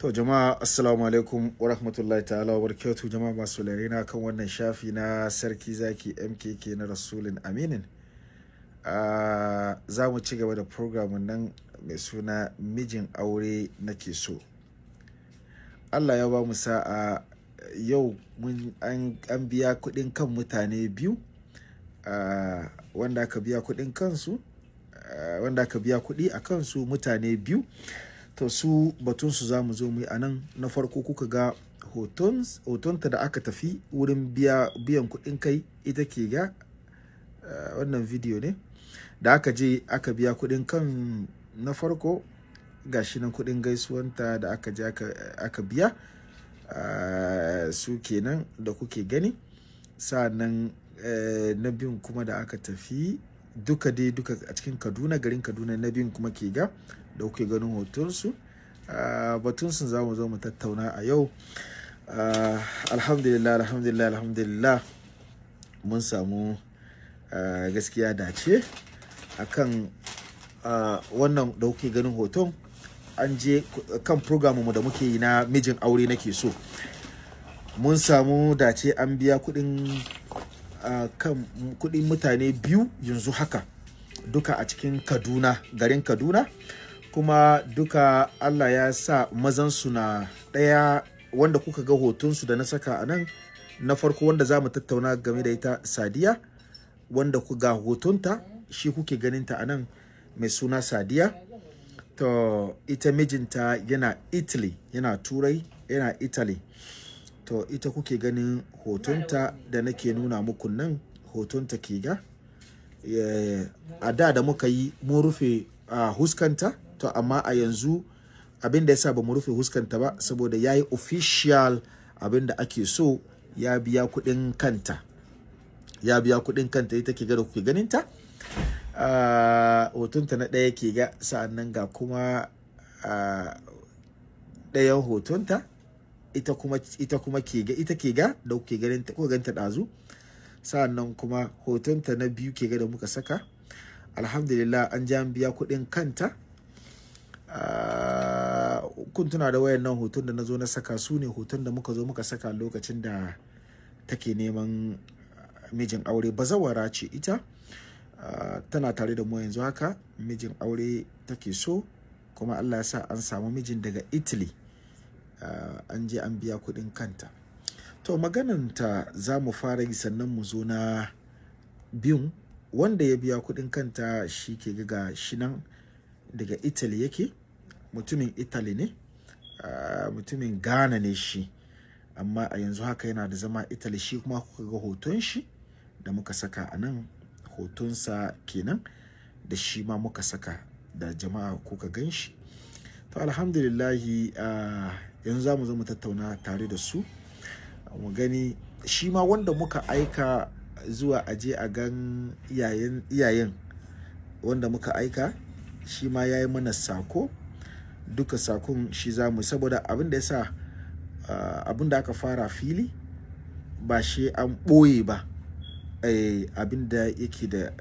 To jama'a assalamu alaikum wa rahmatullahi ta'ala wa barakatuh jama'a masu na kan wannan shafi na sarki zaki MKK na Rasulin Aminin. za mu ci gaba da program nan mai suna mijin aure nake so. Allah ya ba mu sa'a yau mun an, biya kuɗin kan mutane biyu wanda aka biya kuɗin biya kuɗi a kansu mutane biyu to su batunsu za mu zo mu yi a na farko kuka ga hotonta da aka tafi wurin biyan kuɗin kai ita ke ga eh, wannan video ne da aka je aka biya kuɗin kan na farko gashi nan kuɗin gaisuwanta da aka je aka biya eh, su kenan da kuke gani sa'annan eh, na biyun kuma da aka tafi duka dai duka a cikin kaduna garin kaduna na biyun kuma ke ga da kuke ganin hotonsu ah, batunsu za mu zo mu tattauna a yau ah, alhamdulillah alhamdulillah alhamdulillah mun samu ah, gaskiya dace akan wannan da kuke ganin hoton an je kan mu da muke yi na mijin aure nake so mun samu dace an biya kudin kudin mutane biyu yanzu haka duka a cikin kaduna garin kaduna kuma duka Allah ya sa mazansu na ɗaya wanda kuka ga hotunsu da na saka a nan na farko wanda za mu tattauna game da ita sadiya wanda ku ga hotunta shi kuke ganinta a nan mai suna sadiya to ita mijinta yana italy yana turai yana italy to ita kuke ganin hotunta da nake nuna muku nan hotunta ke ga eh, a da da muka yi mun rufe a ah, huskanta to amma a yanzu abin da sa ba mu rufe huskanta ba saboda ya yi official abin da ake so ya biya kuɗin kanta ya biya kuɗin kanta ita ke gada kuke ganinta ah, hotonta na ɗaya ke ga sa'annan ga kuma ah, ɗayan hotonta ita kuma ita kuma ke ga ita ke ga da kuke ganin ta ko ganta ɗazu sa'annan kuma hotonta na biyu ke ga da muka saka alhamdulillah an ja biya kuɗin kanta Ah, kun tuna da wayan nan hoton da na zo na saka su ne hoton da muka zo muka saka lokacin da take neman ah, mijin aure bazawara ce ita ah, tana tare da mu yanzu haka mijin aure take so kuma allah ya sa an samu mijin daga italy an je an biya kudin kanta to magananta za mu fara yi sannan mu zo na biyun wanda ya biya kudin kanta shi ke ga shi nan daga italy yake mutumin italy ne mutumin ghana ne shi amma a yanzu haka yana da zama italy shi kuma kuka ga hoton shi da muka saka a nan hotonsa kenan da shi ma muka saka da jama'a kuka gan shi to alhamdulillahi yanzu za mu zo tattauna tare da su mu gani shi ma wanda muka aika zuwa aje a gan iyayen wanda muka aika shi ma ya yi mana sako duka sakon shi za mu saboda abin da ya sa abin da aka fara fili ba shi an ɓoye ba eh, abin da yake da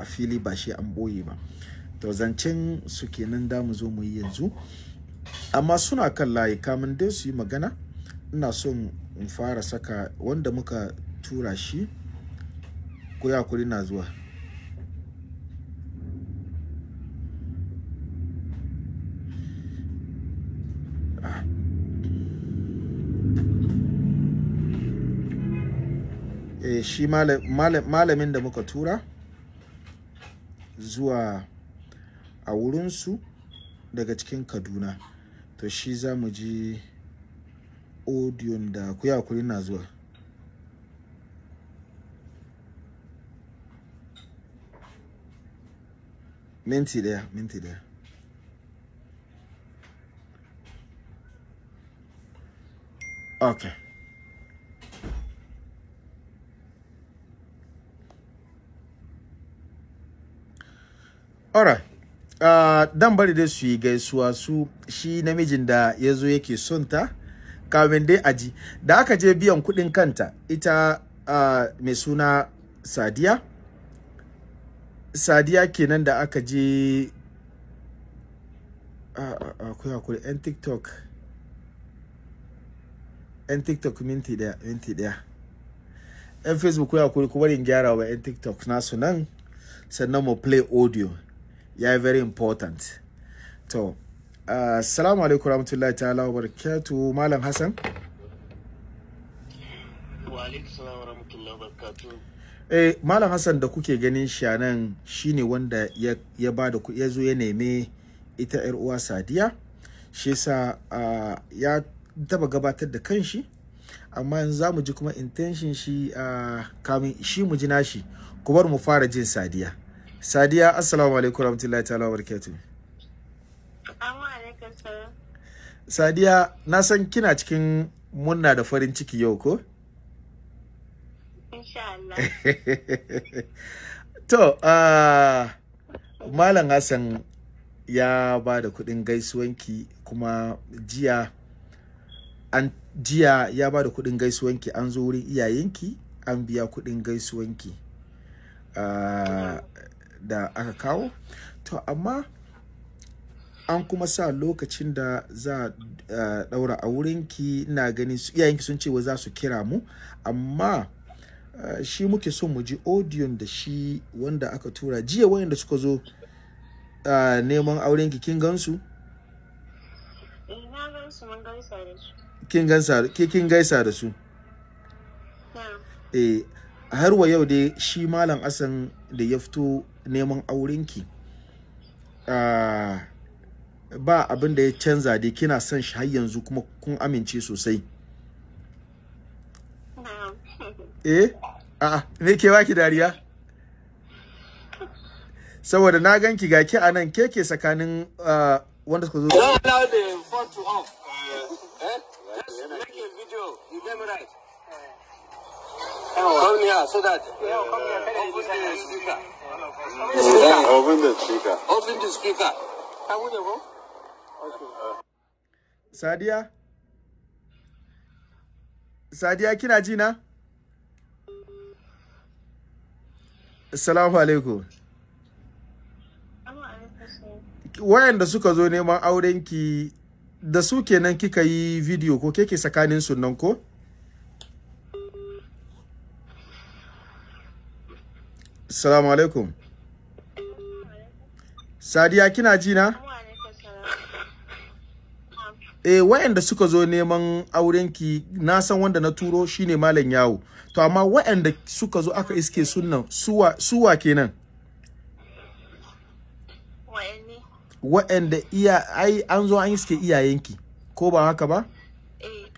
a fili ba shi an ɓoye ba to zancen su kenan da mu zo mu yi yanzu amma suna kan layi kamun dai su yi magana ina son in fara saka wanda muka tura shi ko ya kuri na zuwa shi malamin da muka tura zuwa a wurinsu daga cikin kaduna to shi za mu ji odiyon da ku yi na zuwa minti daya minti daya okay alright uh, dan bari dai su yi gaisuwa su shi namijin da ya zo yake son ta kamin dai aji da aka je biyan kuɗin kanta ita uh, mai suna sadiya sadiya kenan da aka je akwai uh, uh, uh, hakuri yan tiktok yan tiktok minti daya minti daya yan facebook kuwa hakuri kuma rin gyara wa yan tiktok nasu nan sannan mu play audio ya yi very important to uh, assalamu alaikum rahmatullahi ta'ala wa barakatu malam hassan wa alaikum salam wa rahmatullahi wa eh malam hassan da kuke ganin shi nan shine wanda ya ba da ku ya zo ya neme ita yar uwa sadiya shi sa uh, ya taba gabatar da kanshi amma yanzu za mu ji kuma intention shi uh, kamin shi mu ji nashi kubar mu fara jin sadiya Sadiya assalamu alaikum rahmatullahi ta'ala wa barakatuh. Sadiya na san kina cikin munna da farin ciki yau ko? to, uh, Malam Hassan ya ba da kudin gaisuwanki kuma jiya an jiya ya ba da kudin gaisuwanki an zo wurin iyayenki an biya kudin gaisuwanki. Uh, da aka kawo to amma an kuma sa lokacin da za a eh, daura a wurinki na ganin iyayenki sun ce wa za su kira mu amma eh, shi muke son mu ji odiyon da shi wanda aka tura jiya wayanda suka zo uh, neman auren kin gansu kin gansa ke kin gaisa da su eh har wa yau dai shi malam asan da ya fito neman aurenki ah, ba abin da ya canza dai kina son shi har yanzu kuma kun amince sosai eh a'a me ke baki dariya saboda na ganki ga ki anan ke ke tsakanin ah, wanda suka zo eh? Eh? Eh. Come here so that yeah, come here. Sadiya? Sadiya kina ji na? Assalamu alaikum. Wayanda suka zo neman aurenki da su kenan kika yi video ko keke tsakanin sunan ko? Assalamu alaikum. Sadiya kina ji na? Eh waɗanda suka zo neman aurenki na san wanda na turo shine malam yawo. To amma waɗanda suka zo aka iske sunnan suwa suwa kenan. Waɗanda iya ai an zo an iske iyayenki ko ba haka ba?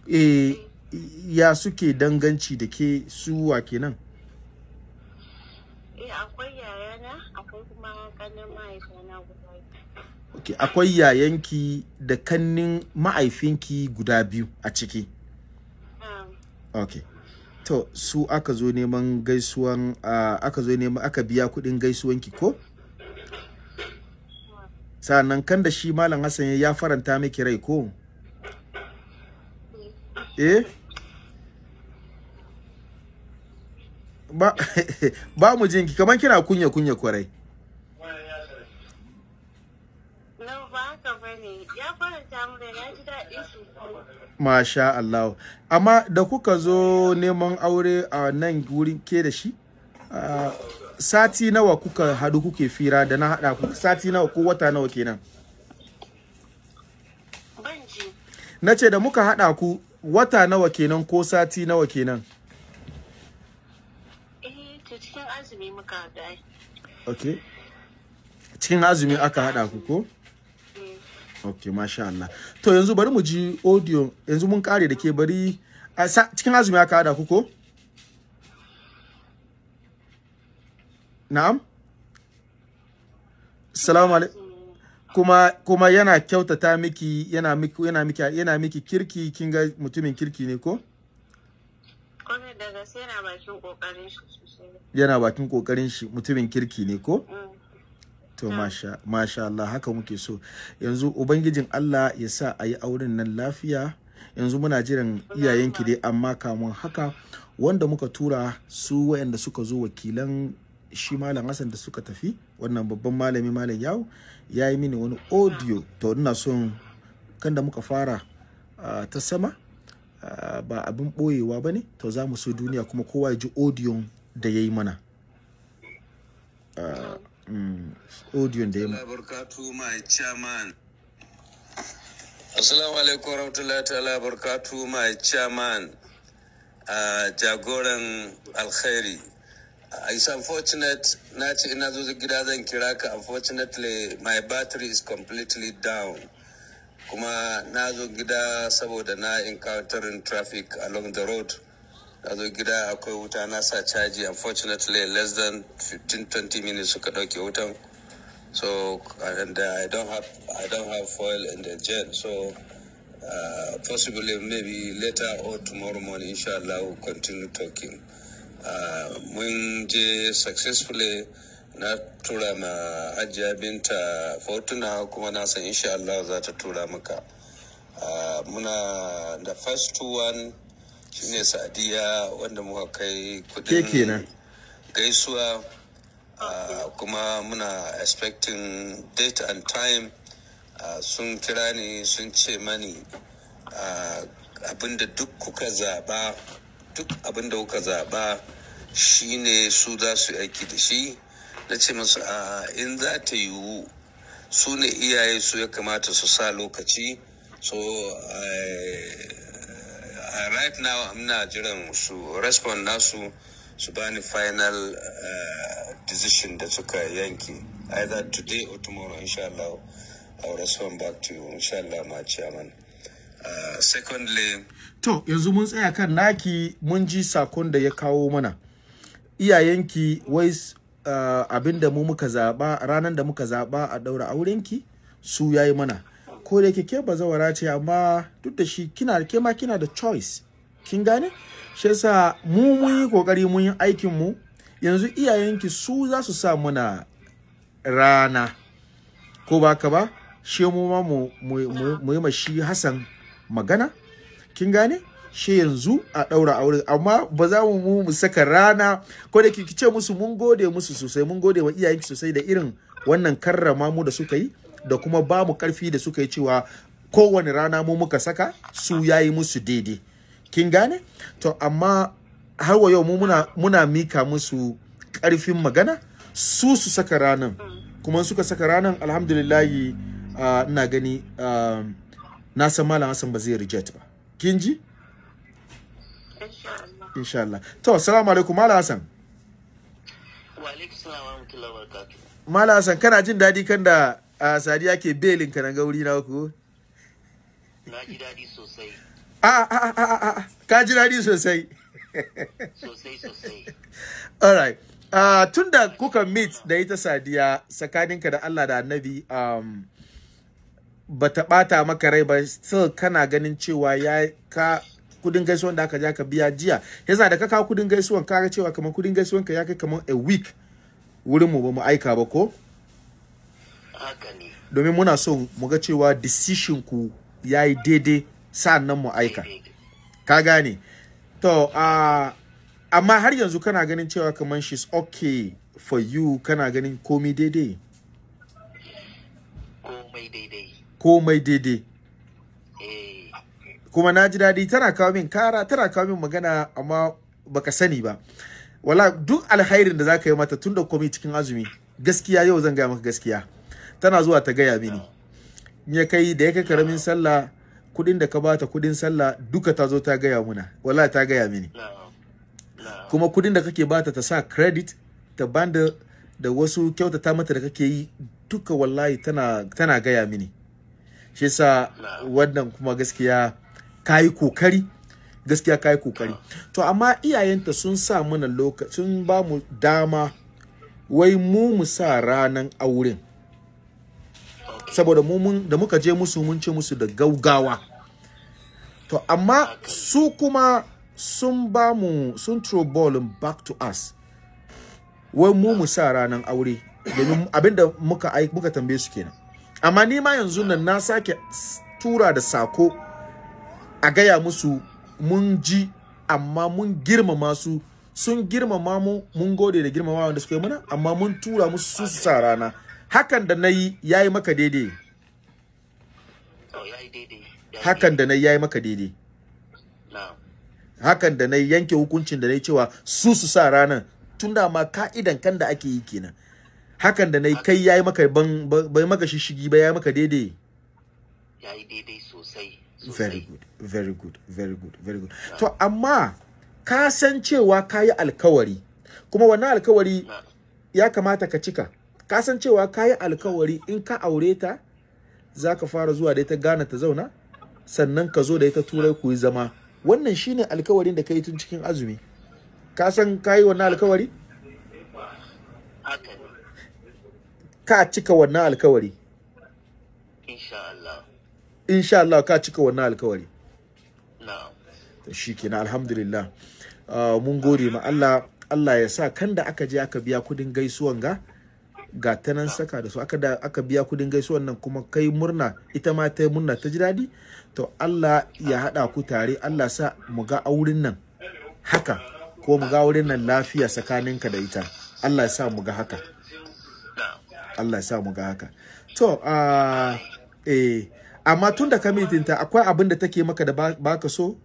Eh. eh ya suke danganci da ke suwa kenan. Eh akwai yayana akwai kuma kanin mahaifin okay. akwai yayanki da kannin ma'aifinki guda biyu a ciki ah. okay. to su aka zo neman gaisuwan uh, aka zo neman aka biya kudin gaisuwanki ko sa'annan kan da shi malam hassan ya faranta miki rai ko eh, eh? ba, ba mu jinki kamar kina kunya kunya kwarai Masha Allah. Amma da kuka zo neman aure a nan wurin ke da shi? Sati nawa kuka hadu kuke fira da na haɗa ku? Sati nawa ko wata nawa kenan? Na ce da muka haɗa ku wata nawa kenan ko sati nawa kenan? Eh, cikin azumi muka haɗa. Ok. Cikin azumi aka haɗa ku ko? ok masha Allah to yanzu bari mu ji audio yanzu mun kare da ke bari cikin azumi aka hada ku ko na'am salamu alaikum kuma kuma yana kyautata miki yana miki yana miki yana miki kirki kin ga mutumin kirki ne ko yana bakin kokarin shi mutumin kirki ne ko mm. to masha Allah haka muke so yanzu ubangijin Allah ya sa a yi auren nan lafiya yanzu muna jiran iyayenki dai amma kamun haka wanda muka tura su wayanda suka zo wakilan shi malam Hassan da suka tafi wannan babban malami malam yawo ya yi mini wani audio to ina son kan da muka fara uh, ta sama ba abin boyewa bane to za mu so duniya kuma kowa ya ji audio da yayi mana audio da ya barkatu my chairman assalamu alaikum warahmatullahi ta'ala barkatu my chairman uh, jagoran alkhairi ah, it's unfortunate na ce ina zo gida zan kira ka unfortunately my battery is completely down kuma na zo gida saboda na encountering traffic along the road akwai wuta na sa caji unfortunately less than 15-20 minutes suka ɗauke wutan so and uh, I don't have I don't have foil in the jet so uh, possibly maybe later or tomorrow morning inshallah we'll continue talking uh, mun je successfully na tura ma hajiya binta fortuna kuma na san insha Allah za ta tura maka uh, muna the first one shine sadiya wanda muka kai kudin gaisuwa ah, kuma muna expecting date and time ah, sun kira ni sun ce mani ah, abinda duk kuka zaba duk abinda kuka zaba shine su za su aiki da shi na ce masu a in za ta yiwu su ne iyaye su ya kamata su sa lokaci so right now ina jiran su respond nasu su bani final eh, decision da suka yanki either today or tomorrow Allah I'll respond back to you Allah my chairman uh, secondly to yanzu mun tsaya kan naki mun ji sakon da ya kawo mana iyayenki wai eh, abinda mu muka zaba ranar da muka zaba a daura aurenki su yayi mana ko da yake ke bazawara ce amma duk da shi kina ke ma kina da choice kin gane shi yasa mu mun yi kokari mun yi aikin mu yanzu iyayenki su za su sa muna rana ko ba ka ba shi mu ma mu yi ma shi Hassan magana kin gane shi yanzu a ɗaura aure amma ba za mu mu mu saka rana ko da ki ce musu mun gode musu sosai mun gode wa iyayenki sosai da irin wannan karrama mu da suka yi da kuma ba mu karfi da suka yi cewa kowane rana mu muka saka su yayi musu daidai kin gane to amma har wa yau mu muna, muna mika musu karfin magana su su saka ranan kuma suka saka ranan alhamdulillahi ina gani na san malam Hassan ba zai reject ba kin ji insha Allah to assalamu alaikum malam Hassan Malam Hassan kana jin daɗi kan da a sadiya ke belin ka na gauri na ku na ji dadi sosai a a a ka ji daɗi sosai sosai sosai all right uh, tun da kuka meet da ita sadiya tsakaninka da Allah da annabi um, ba ta bata maka rai ba still kana ganin cewa ya ka kudin gaisuwan da aka ja ka biya jiya yasa da ka kawo kudin gaisuwan ka cewa kamar kudin gaisuwan ka ya kai kamar a week wurin mu ba mu aika ba ko domin muna so mu ga cewa decision ku ya yi daidai nan mu aika ka gane to amma har yanzu kana ganin cewa kamar she's okay for you kana ganin komi daidai komai daidai komai daidai eh. kuma na ji daɗi tana kawo min kara tana kawo min magana amma baka sani ba wala duk alkhairin da za ka yi mata tun da komai cikin azumi gaskiya yau zan gaya maka gaskiya tana zuwa ta gaya mini ya kai da ya kai karamin sallah kudin da ka bata kudin sallah duka ta zo ta gaya muna wallahi ta gaya mini kuma kudin da kake bata ta sa credit ta banda da wasu kyautata mata da kake yi duka wallahi tana gaya mini shi sa wannan kuma gaskiya kayi kokari gaskiya kayi kokari to amma iyayenta sun sa mana lokaci ba mu dama wai mu mu sa ranan auren saboda mun da muka je musu mun ce musu da gaugawa to amma su kuma sun ba mu sun throw ball back to us wai mu mu sa ranan aure domin abinda muka muka tambaye su kenan amma ni ma yanzu nan na sake tura da sako a gaya musu mun ji amma mun girmama su sun girmama mu mun gode da girmama wanda suka yi mana amma mun tura musu su sa rana hakan da nayi yayi maka daidai hakan da nayi yayi maka daidai hakan da nayi yanke hukuncin da nayi cewa su su sa ranan da ma ka'idan kan da ake yi kenan hakan da nayi kai yayi maka ban bai maka shishigi ba yayi maka daidai yayi daidai sosai very good very good very good very good to amma ka san cewa kayi alkawari kuma wannan alkawari ya kamata ka cika ka san cewa ka yi alkawari in ka aure ta za ka fara zuwa da ita gana ta zauna sannan ka zo da ita turai ku yi zama wannan shine alkawarin da ka yi tun cikin azumi ka san ka yi wannan alkawari ka cika wannan alkawari insha Allah ka cika wannan alkawari to shi kenan alhamdulillah ah, mun gode ma Allah Allah ya sa kan da aka je aka biya kudin gaisuwan ga ga ta nan saka da su aka da aka biya kudin gaisuwa nan kuma kai murna ita ma ta murna ta ji daɗi to Allah ya haɗa ku tare Allah sa mu ga auren nan haka ko mu ga auren nan lafiya tsakaninka da ita Allah ya sa mu ga haka Allah ya sa mu ga haka to uh, eh amma tun da kamitinta akwai abin da take maka da baka so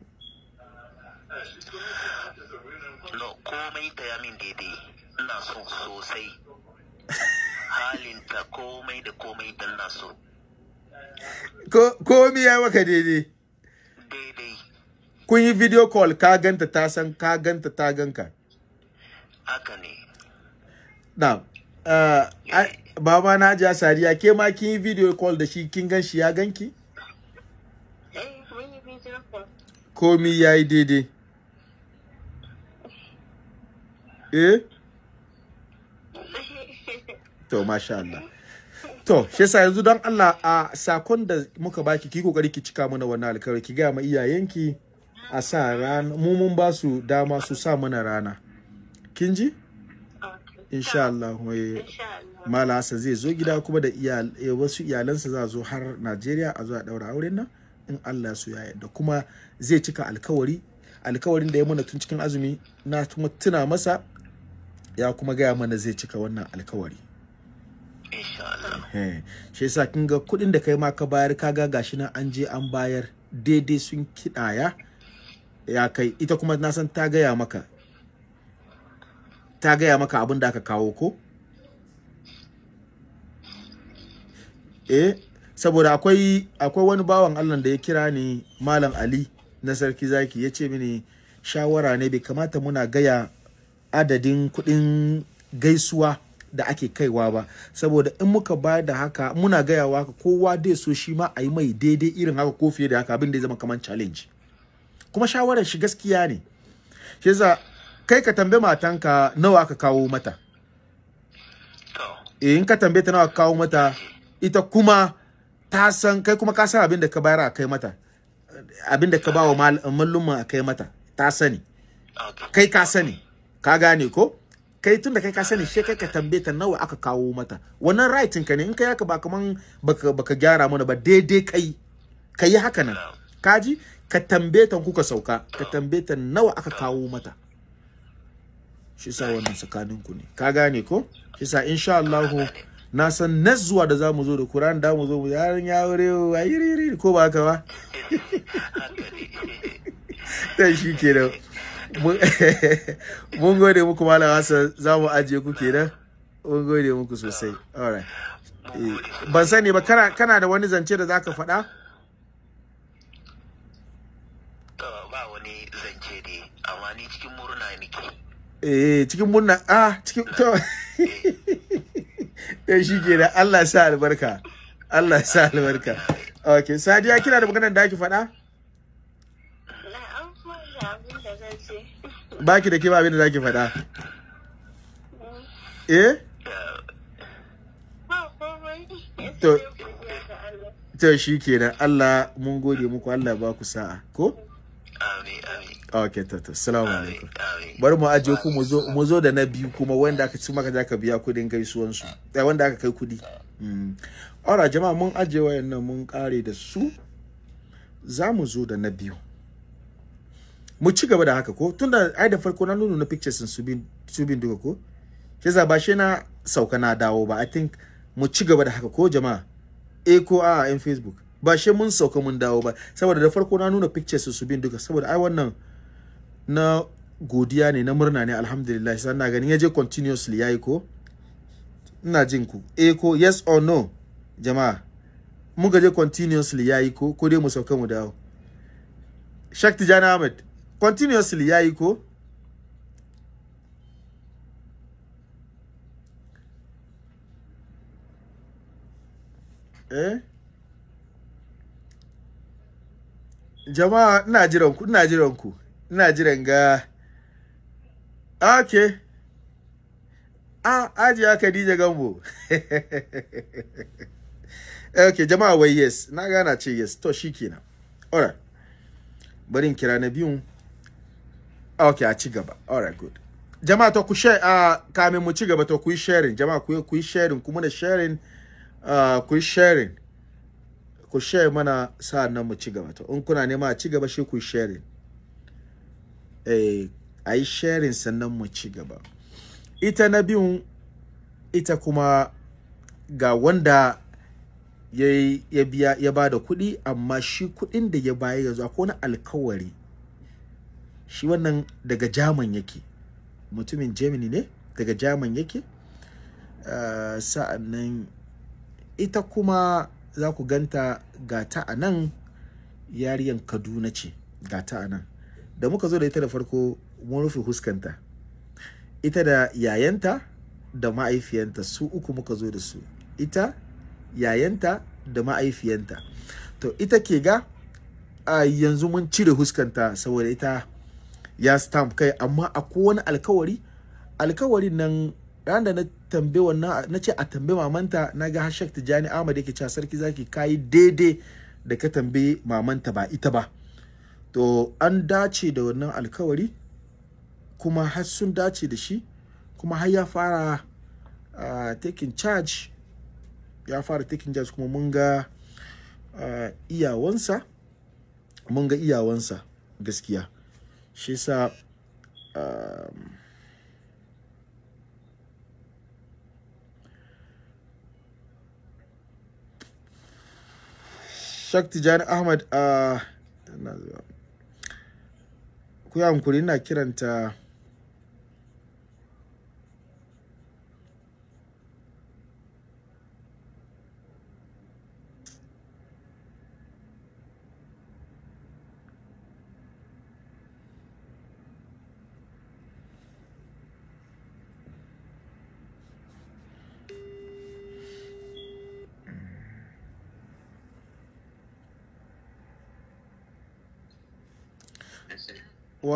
komai ta yamin daidai ina so sosai halinta komai da komai dan naso so komai ya waka daidai daidai kun yi video call ka ganta ta san ka ganta ta ganka haka ne na ah, baba na ja sariya ke ma kin yi video call da shi kin gan shi ya ganki eh, komi ya yi daidai eh to masha Allah to shi yasa yanzu don Allah a sakon da muka baki ki kokari ki cika mana wannan alƙawari ki ga ma iyayenki a sa rana mu mun ba su dama su sa mana rana kin ji insha Allah mala sa zai zo gida kuma da eh, wasu iyalansa za zo har Najeriya a zo a daura auren nan in Allah su ya yarda kuma zai cika alkawari alkawarin da ya mana tun cikin azumi na tuna masa ya kuma gaya mana zai cika wannan alkawari Eh, shi yasa kin ga kuɗin da kai ma ka bayar kaga gashi nan an je an bayar daidai sun kiɗaya ya kai ita kuma na san ta gaya maka ta gaya maka abin da aka kawo ko eh saboda akwai akwai wani bawan Allah da ya kira ni malam Ali na sarki zaki ya ce mini shawara ne bai kamata muna gaya adadin kudin gaisuwa da ake kaiwa ba saboda in muka bayar da haka muna gayawa ka kowa dai so shi ma a yi mai daidai irin haka ko fiye da haka abin da ya zama kamar challenge kuma shawarar shi gaskiya ne shi yasa kai ka tambaye matanka nawa ka kawo mata eh, in ka tambaye ta nawa kawo mata ita kuma ta san kai kuma ka san abin da ka bayar a kai mata abin da ka ba wa malluma a kai mata ta sani kai ka sani ka gane ko kai tunda kai ka sani she kai ka tambaye ta nawa aka kawo mata wannan writing ka ne in kai haka ba kaman baka baka gyara mana ba daidai kai kai haka nan kaji ka tambaye kuka sauka ka tambaye nawa aka kawo mata shi sa wannan tsakanin ku ne ka gane ko shi sa insha Allah na san nazuwa da zamu zo da Qur'an da mu zo mu yaran yawure ayiriri ko ba haka ba dan shi kenan mun gode muku malam Hassan za mu ajiye ku kenan mun gode muku sosai eh, ban sani ba kana kana da wani zance da zaka faɗa ba wani zance amma ni cikin murna nake eh cikin murna ah cikin to eh shi ke da Allah sa albarka Allah sa albarka okay sadiya kina da maganar da ake faɗa baki da kima abin da zaki faɗa eh to to shi kenan Allah mun gode muku Allah ba ku sa'a ko amin amin okay to to assalamu alaikum bari mu aje ku mu zo mu zo da na biyu kuma wanda aka ci maka zaka biya kudin gaisuwan su eh wanda aka kai kudi ora hmm. jama'a mun aje wayannan mun kare da su za mu zo da na biyu mu ci gaba da haka ko tunda ai da farko na nuna na pictures sun su bin duka ko shi za ba shi na sauka na dawo ba i think mu ci gaba da haka ko jama'a eko ko a yan facebook ba shi mun sauka mun dawo ba saboda da farko na nuna pictures su bin duka saboda ai wannan na godiya ne na murna ne alhamdulillah sai na ganin yaje continuously yayi ko ina jin ku eko ko yes or no jama'a mun gaje continuously yayi ko ko dai mu sauka mu dawo Shak Tijani Ahmed continuously yi ko eh jama'a ina jiran ku ina jiran ku ina jiran ga ah, okay ah ajiya Khadija Gambo eh, okay jama'a wai yes na gana ce yes to shikenan alright bari in kira na biyu okay a ci gaba all right good jama'a to ku share uh, kamin mu ci gaba to ku yi sharing jama'a ku ku yi sharing kuma da sharing uh, ku yi sharing ku share mana sa'an nan mu ci gaba to in kuna nema a ci gaba shi ku yi sharing eh a yi sharing sannan mu ci gaba ita na biyun ita kuma ga wanda ya biya ya bada kuɗi amma shi kuɗin da ya bayar yanzu akwai wani alkawari shi wannan daga jaman yake mutumin germany ne daga jaman yake uh, sa'annan ita kuma za ku ganta gata a nan yariyan kaduna ce gata a nan da muka zo da ita da farko mun rufe huskanta ita da yayanta da ma'aifiyanta su uku muka zo da su ita yayanta da ma'aifiyanta to ita ke ga a yanzu mun cire huskanta saboda ita ya stamp kai amma akwai wani alkawari alkawarin nan ran da na tambe wannan na ce a tambe mamanta na ga hashtag Tijani Ahmad yake cewa sarki zaki kayi daidai da ka tambe mamanta ba ita ba to an dace da wannan alkawari kuma har sun dace da shi kuma har ya fara uh, taking charge ya fara taking charge kuma mun ga uh, iyawansa mun ga iyawansa gaskiya shi sa um, shakti jani Ahmad uh, a ku yi hankuri na kiranta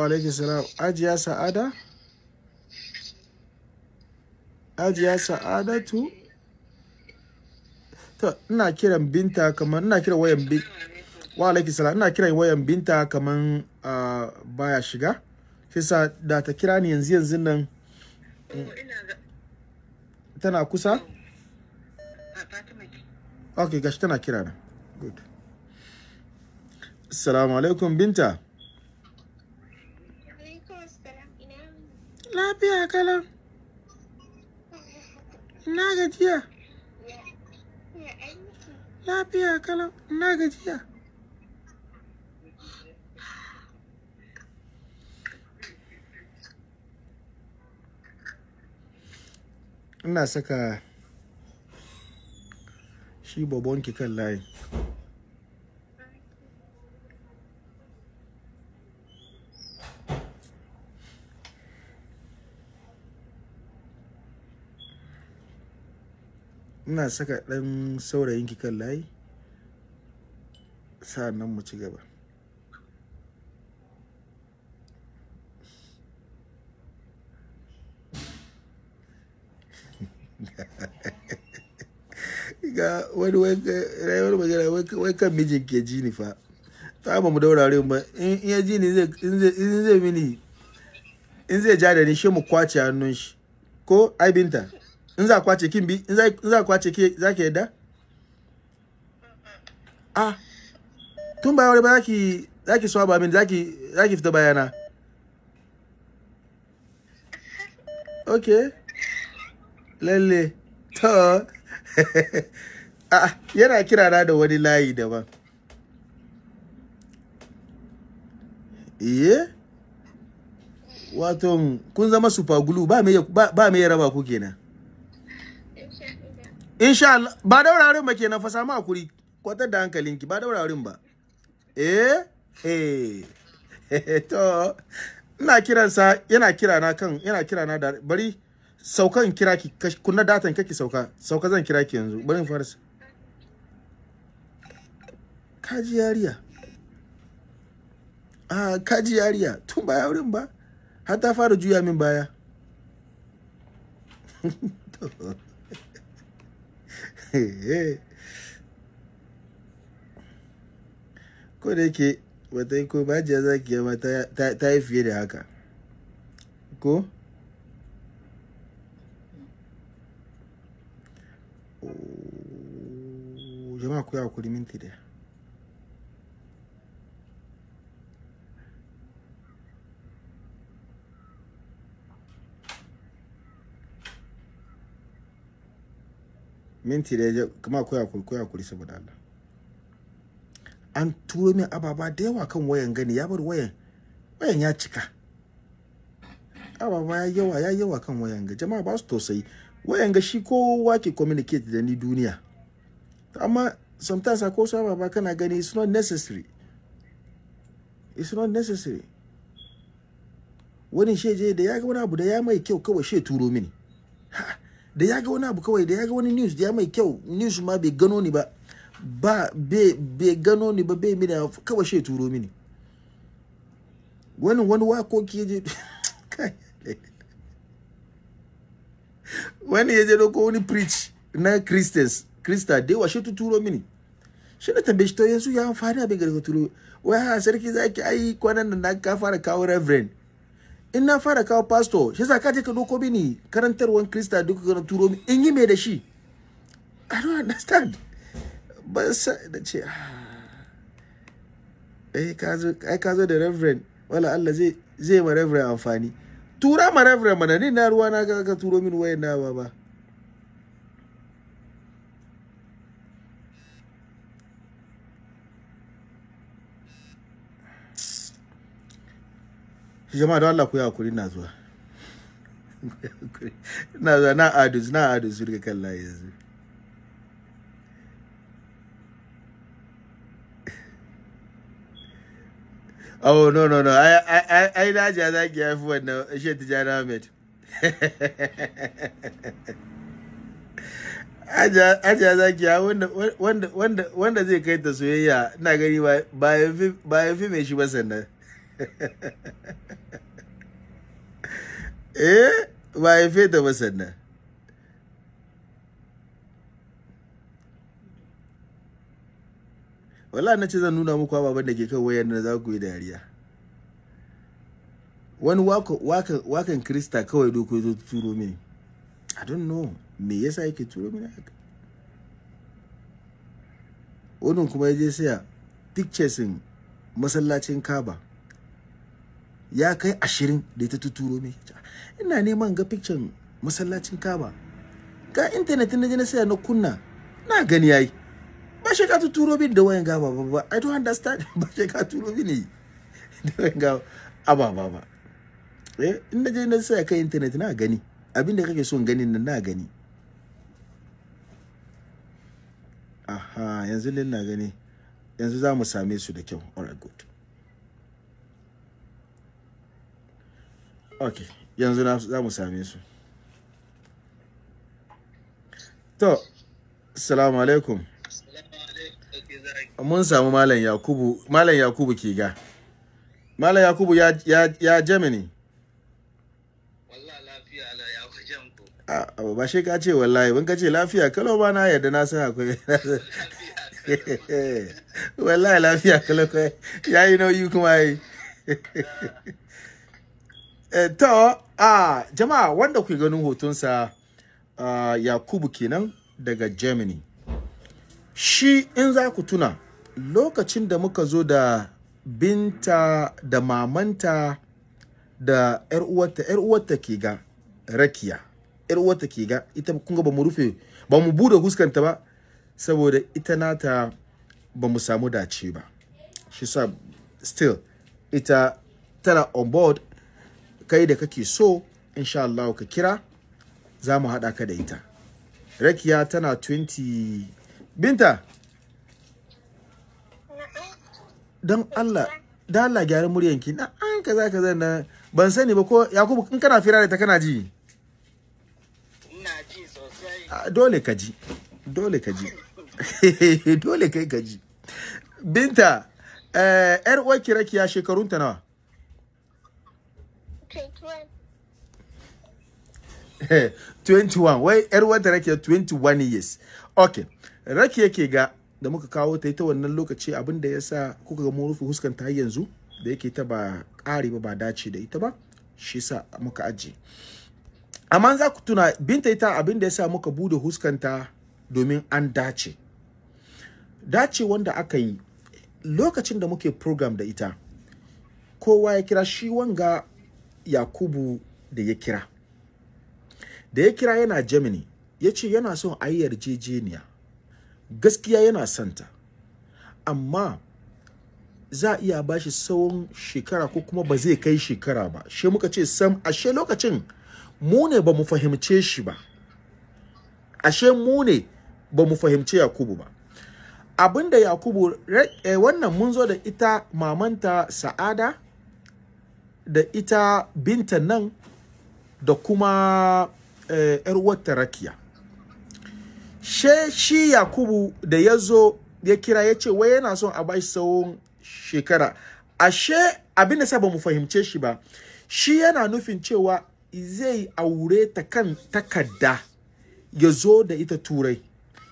wa salam ajiya sa'ada ajiya sa'adatu to ina kiran binta kamar ina kiran wayan bi wa alaikis salam ina kiran wayan binta kamar baya shiga kisa da ta kira ni yanzu yanzu nan mm, tana kusa ok gashi tana kira na good assalamu alaikum binta Lafiya kalan. Na gajiya. Lafiya kalan. Na gajiya. Ina saka shi babonki kan layi. ina saka ɗan saurayinki kan layi sa'annan mu ci gaba ga wani rayuwar magana wai kan mijin ke ji ni fa ta ba mu daurare ba in ya ji ni in zai mini in zai ja da ni shi mu kwace hannun shi ko ai binta in za kwace kin bi in za kwace ke za ki yadda a tun ba wani ba zaki zaki swaba min zaki zaki fita bayana okay lalle to a yana kira na da wani layi daban iye wato kun zama super glue ba me ba me raba ku kenan insha Allah ba daurarin ba kenan fa samu hakuri kwatar da hankalinki ba daurarin ba eh eh to ina kiransa yana kira na kan yana kira na da bari saukan kira ki kunna datan kake sauka sauka zan kira ki yanzu bari in fara kaji yariya ah kaji yariya tun ba wurin ba har ta fara juya min baya ko da yake wata yi ko bajiya za ki yaba ta yi fiye da haka ko jama'a ku yi hakuri minti daya minti da kuma koya koya kuri saboda Allah an turo min ababa da yawa kan wayan gani ya bar wayan wayan ya cika ababa ya yawa ya yawa kan wayan ga jama'a ba su tausayi wayan ga shi kowa ke communicate da ni duniya amma sometimes ko su ababa kana gani it's not necessary it's not necessary wani sheje da ya ga wani abu da ya mai kyau kawai she turo mini ha da ya ga wani abu kawai da ya ga wani news da ya mai kyau news ma bai gano ni ba ba bai gano ni ba bai mini kawai shi turo mini wani wani wakoki ya je wani ya je doko wani preach na christians krista da yawa shi tu turo mini shi na tambaye shi to yanzu ya amfani abin garga turo wai ha sarki zaki ai kwanan nan na ka fara kawo reverend in na fara kawo pastor shi yasa ka je ka doko mini karantarwan krista duk ka turo mi in yi me da shi i don't understand ba sa da ce ah, eh kazo ai ka zo da reverend wala Allah zai zai ma reverend amfani tura ma reverend mana ni na ruwa na ka turo min wayan na ba. jama'a don Allah ku yi hakuri na zuwa na zuwa na adus na adus daga kan layi yanzu oh no no no ai ai ai na ja zaki ya fi wannan shi tijana Ahmed aja zaki ya wanda zai kai ta soyayya ina gani bayan fi mai shi ba sannan eh ba haife ta ba sanna wala na ce zan nuna muku ababen da ke kan wayar da za ku yi dariya wani wakan krista kawai doko zo turo mini i don't know me yasa yake turo mini haka wannan kuma ya je siya pictures masallacin kaba ya kai ashirin da ita tuturo mai ina neman ga fikcin masallacin kaba ga intanet na je na saya na kunna na gani yayi ba shi ka tuturo bin da wayan gaba ba ba i don't understand ba shi ka tuturo bin ne da wayan gaba aba ba ba eh ina na je na saya kai intanet na gani abin da kake son ganin nan na gani aha yanzu na gani yanzu za mu same su da kyau all right good ok yanzu za mu same su to salamu alaikum mun samu malam yakubu malam yakubu ke ga malam yakubu ya ya ya germany abu ba shi ka ce wallahi ban ka ce lafiya kalau ba na yadda na san akwai wallahi lafiya kalau ya yi nauyi kuma yi Eh, to a jama'a wanda ku ganin hotonsa yakubu kenan daga germany shi in za ku tuna lokacin da muka zo da binta da mamanta da yar uwarta yar uwarta ke ga rakiya yar uwarta ke ga ita kun ga bamu rufe ba mu bude huskanta ba saboda ita nata bamu samu dace ba shi sa still ita tana on board kai da kake so insha Allah ka kira za mu haɗa ka da ita rakiya tana 20 binta don Allah da Allah gyara muryanki na an za ka zana ban sani ba ko Yakubu in kana fira da ta kana ji ina ji ah, dole ka ji dole ka ji dole kai ka ji binta eh yar uwar ki rakiya shekarun ta nawa 21. Eh, wai yar wadda rake 21 years okay rake yake ga da muka kawo ta ita wannan lokaci abin da yasa kuka ga mun rufe huskan ta yanzu da yake ta ba ƙari ba ba dace da ita ba shi yasa muka aje amma za ku tuna binta ita abin da yasa muka bude huskanta domin an dace dace wanda aka yi lokacin da muke program da ita kowa ya kira shi wanga yakubu da ya kira da ya kira yana germany ya ce yana son a yarjejeniya gaskiya yana santa amma za a iya ba shi tsawon shekara ko kuma ba zai kai shekara ba shi muka ce sam ashe lokacin mu ne ba mu fahimce shi ba ashe mu ne ba mu fahimce yakubu ba abinda yakubu eh, wannan mun zo da ita mamanta sa'ada da ita binta nan da kuma ‘yar eh, wata rakiya. She shi Yakubu da ya zo ya kira ya ce wai yana son a bashi tsawon shekara. Ashe abin da ba mu fahimce shi ba, shi yana nufin cewa zai aure ta kan takarda ya zo da ita turai.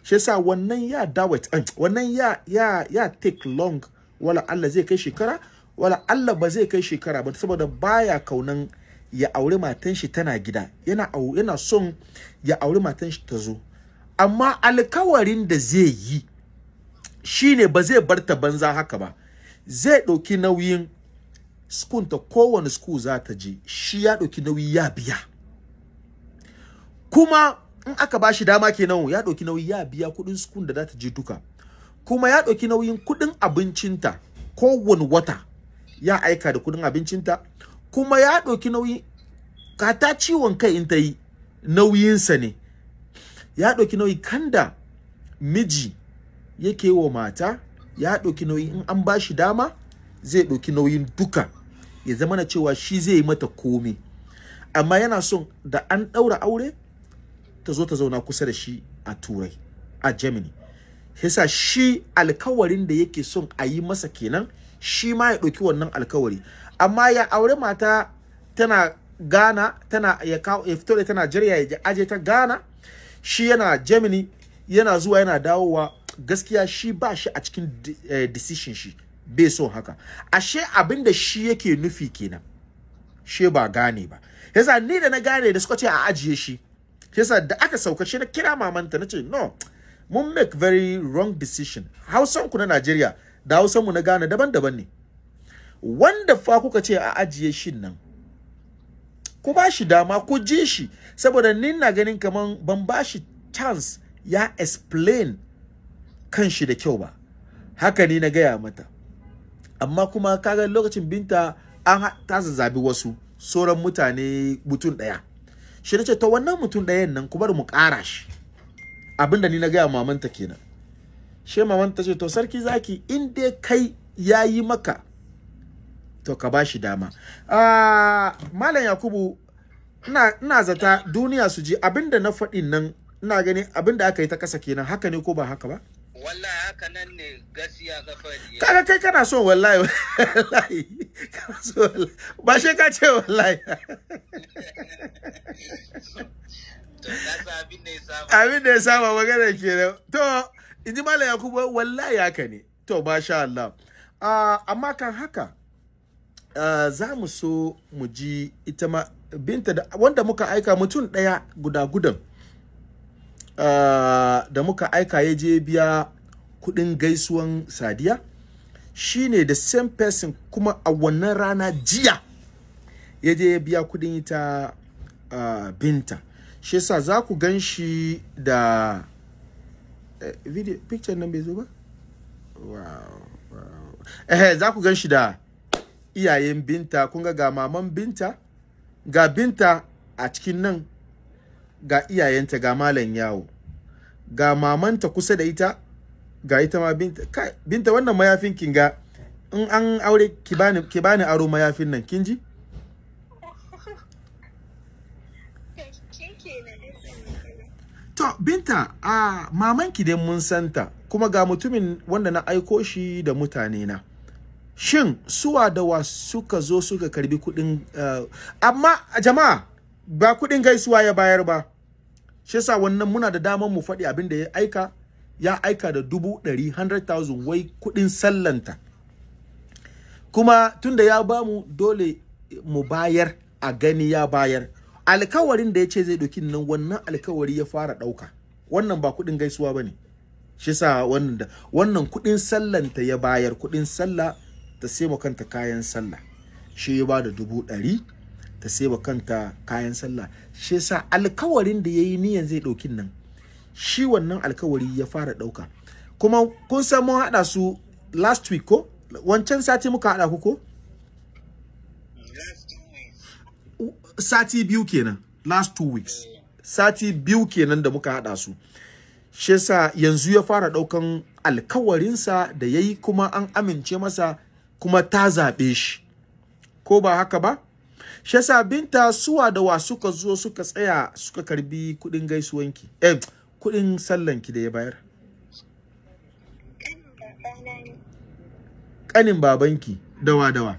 Shi sa wannan ya dawet, eh, wannan ya take long wala Allah zai kai shekara wala Allah ba zai kai shekara ba saboda baya kaunan ya aure matan shi tana gida yana yana son ya aure matan shi ta zo amma alkawarin da zai yi shine ba zai bar ta banza haka ba zai ɗauki nauyin skunta ta kowane sku za ta je shi ya ɗauki nauyi ya biya kuma in aka ba shi dama kenan ya ɗauki nauyi ya biya kuɗin skun da za ta je duka kuma ya ɗauki nauyin kuɗin abincinta kowane wata ya aika da kudin abincinta kuma ya ɗauki nauyi kata ciwon kai in ta yi nauyinsa ne ya ɗauki nauyi kanda miji yake wa mata ya ɗauki nauyi in an ba shi dama zai ɗauki nauyin duka ya zama na cewa shi zai yi mata komi amma yana son da an ɗaura aure ta zo ta zauna kusa da shi a turai a germany yasa shi alkawarin da yake son a yi masa kenan shi ma ya ɗauki wannan alkawari amma ya aure mata tana Ghana tana ya kawo ya fito da tana Najeriya ya aje ta Ghana shi yana Germany yana zuwa yana dawowa gaskiya shi ba shi a cikin eh, decision shi bai so haka ashe abin da shi yake nufi kenan shi ba gane ba yasa ni da na gane da suka ce a ajiye shi yasa da aka sauka shi na kira mamanta na ce no mun make very wrong decision Hausanku na Najeriya da hausan mu na gane daban-daban ne wanda fa kuka ce a ajiye shin nan ku ba shi dama ku ji shi saboda ni na ganin kaman ban ba shi chance ya explain kanshi da kyau ba haka ni na gaya mata amma kuma kaga lokacin binta an ta zazzabi wasu sauran mutane mutum ɗaya shi na ce ta wannan mutum ɗayan nan ku bar mu ƙara shi abinda ni na gaya mamanta kenan shi maman ta ce to sarki zaki in dai kai yayi maka to ka bashi dama ah malam yakubu ina ina zata duniya su ji abinda na faɗin nan ina gani abinda aka yi ta kasa kenan haka ne ko ba haka ba wallahi haka nan ne gaskiya ka faɗi kaga kai kana so wallahi wallahi kana so ba she ka ce wallahi abin da ya saba magana kenan to in ji malam yakubu wallahi haka ne to masha Allah ah, amma kan haka uh, za mu so mu ji ita ma binta da wanda muka aika mutum ɗaya guda gudan ah, da muka aika ya je biya kuɗin gaisuwan sadiya shi ne the same person kuma a wannan rana jiya ya je biya kuɗin ita uh, binta shi yasa za ku gan shi da Eh, video picture nan bai zo ba wow wow eh za ku gan shi da iyayen binta kun ga ga maman binta ga binta a cikin nan ga iyayenta ga malam yawo ga mamanta kusa da ita ga ita ma binta kai binta wannan mayafin kin ga in an aure kibani kibani ki bani aro mayafin nan kin ji To, binta, a mamanki dai mun santa, kuma ga mutumin wanda na aiko shi da mutane na. Shin, suwa da wa suka zo suka karbi kuɗin, uh, amma jama'a ba kuɗin gaisuwa ya bayar ba. Shi sa wannan muna da damar mu faɗi abin da ya aika, ya aika da dubu ɗari, wai kuɗin sallanta. Kuma tunda ya bamu dole mu bayar a gani ya bayar. alkawarin da ya ce zai ɗauki nan wannan alkawari ya fara ɗauka wannan ba kuɗin gaisuwa ba ne shi sa wannan da wannan kuɗin sallanta ya bayar kuɗin sallah ta sai kanta kayan sallah shi ya ba dubu ɗari ta sai kanta kayan sallah shi sa alkawarin da ya yi niyan zai ɗaukin nan shi wannan alkawari ya fara ɗauka kuma kun san mun haɗa su last week ko wancan sati muka haɗa ku ko sati biyu kenan last two weeks sati biyu kenan da muka hada su shi yasa yanzu ya fara daukan alkawarinsa da yayi kuma an amince masa kuma ta zaɓe shi ko ba haka ba shi yasa binta suwa da wa suka zo suka tsaya suka karbi kudin gaisuwanki eh kudin sallanki da ya bayar kanin babanki dawa dawa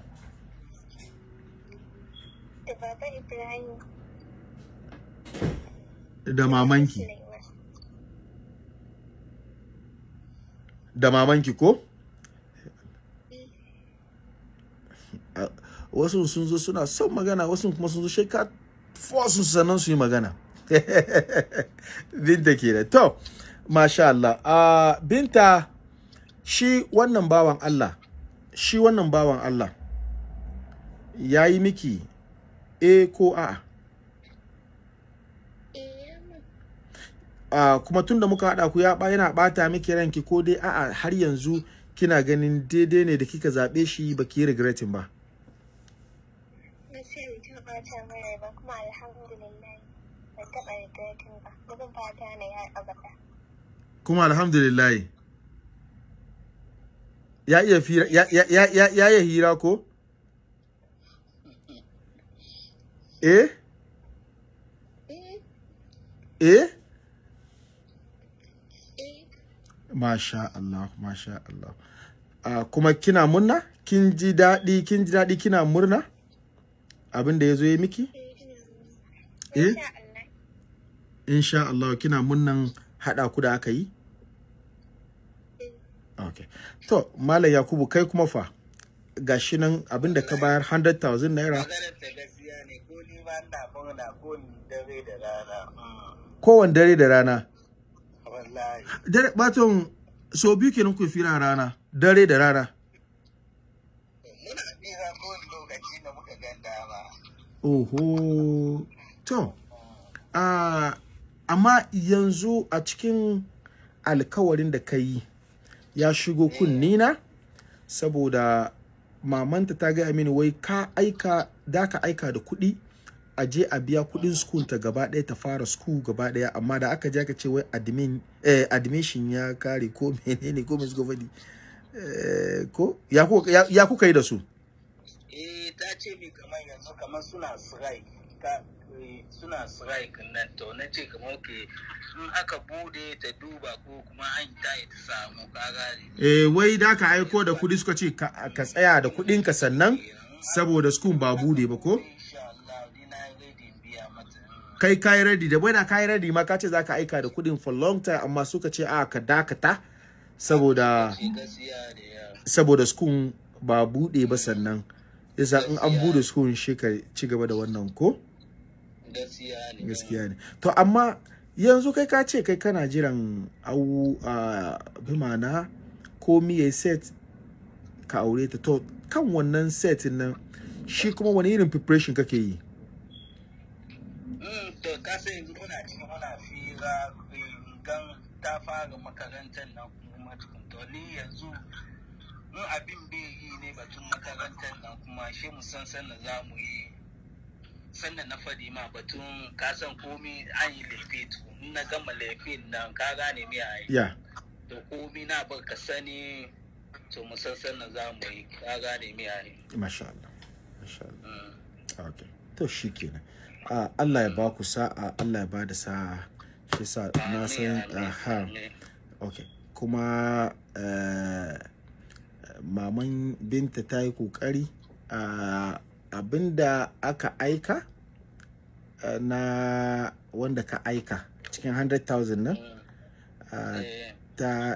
da mamanki da mamanki ko eh. wasu sun zo suna son magana wasu kuma sun zo sheka fosun sannan su yi magana binta ke da to masha Allah ah, binta shi wannan bawan Allah shi wannan bawan Allah ya yi miki e ko a'a Ah, kuma tunda muka hada ku ya yana bata miki ranki ko dai a'a har yanzu kina ganin daidai ne da kika zabe shi baki yi regretin ba kuma alhamdulillah ya iya fira ya ya ya ya iya hira ko eh eh, eh? masha Allah masha Allah uh, kuma kina murna kin ji daɗi kin ji daɗi kina murna abin da ya zo ya miki eh, eh? insha Allah kina murnan haɗa ku da aka yi eh. okay to malam yakubu kai kuma fa gashi nan abin da ka bayar 100,000 naira kowane dare da rana mm. dare baton so biyu kenan ku fira rana dare da rana oho to uh, amma yanzu a cikin alkawarin da ka yi ya shigo na? saboda mamanta ta gaya mini wai ka aika da ka aika da kuɗi a je a biya kudin school ta gaba ɗaya ta fara school gaba ɗaya amma da aka je aka ce wai admin eh, admission ya kare ko menene ko miss government eh, ko ya kuka ya, ya kuka yi da su eh ta ce mi kamar yanzu kamar suna strike eh, suna strike nan to na ce kamar ke sun aka bude ta duba ko kuma an ta ta samu kaga eh wai da ka aiko da kudi suka ce ka tsaya da kudin ka sannan eh, saboda school ba bude ba ko eh, kai kai ready da bai na kai ready ma ka ce za ka aika da kudin for long time amma suka ce a ah, ka dakata saboda saboda school ba bude ba sannan yasa in an bude school shi ka ci gaba da wannan ko gaskiya ne to amma yanzu kai ka ce kai kana jiran au a bimana ko miye set ka aure ta to kan wannan set nan shi kuma wani irin preparation kake yi Mm, to ka sai yanzu muna ci muna fira gan ta fara makarantar nan kuma tukunta ni yanzu in abin bai yi ne batun makarantar nan kuma shi mu san sannan za mu yi sannan na faɗi ma batun kasan komi an yi laifi in na gama laifin nan ka gane mi a to komi na bar ka sani to mu san sannan za mu yi ka gane mi a yi masha Allah masha Allah mm. okay to shikenan Allah ya mm. ba ku sa'a Allah ya ba da sa shi sa na san ah, ha ok kuma eh, maman binta ta yi kokari abinda aka aika eh, na wanda ka aika cikin 100,000 nan mm. eh,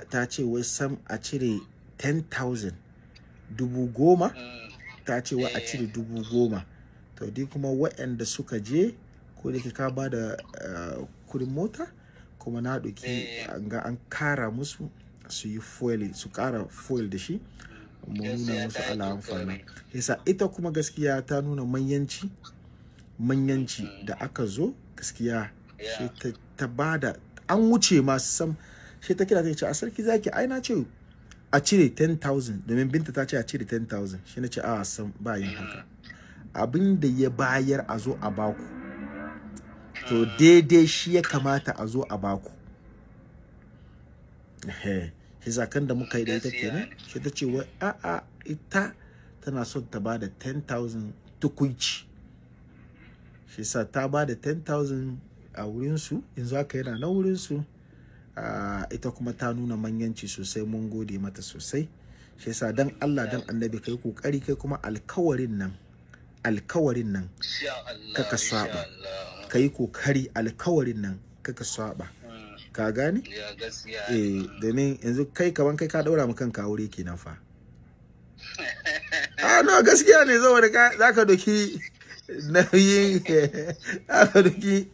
ta ce wai sam a cire 10,000 dubu goma mm. ta ce wai a cire dubu goma to dai kuma wa'anda suka je ko da ka ba da eh, kudin mota kuma na doki eh. ga an kara musu su yi fuel su kara fuel da shi mu nuna musu ala amfani yasa ita kuma gaskiya ta nuna manyanci manyanci da aka zo gaskiya shi ta bada an wuce masu sam shi ta kira ta ce a sarki zaki aina na ce a cire 10,000 domin binta ta ce a cire 10,000 shi na ce a ah, sam ba yin haka abin da ya bayar a zo a baku to daidai shi ya kamata a zo a baku hizakan da muka yi da ita kenan shi ta ce wai a'a ita tana son ta ba da 10,000 tukunci shi sa ta ba da 10,000 a wurinsu yanzu ka yana na wurinsu ita kuma ta nuna manyanci sosai mun gode mata sosai shi sa don allah don annabi kai kokari kai kuma alkawarin nan alkawarin nan kaka saba ka yi kokari alkawarin nan kaka saba ka gane eh domin yanzu kai kaman kai ka daura mu kanka aure kenan fa a ah, no gaskiya ne zo da zaka doki nauyin aka doki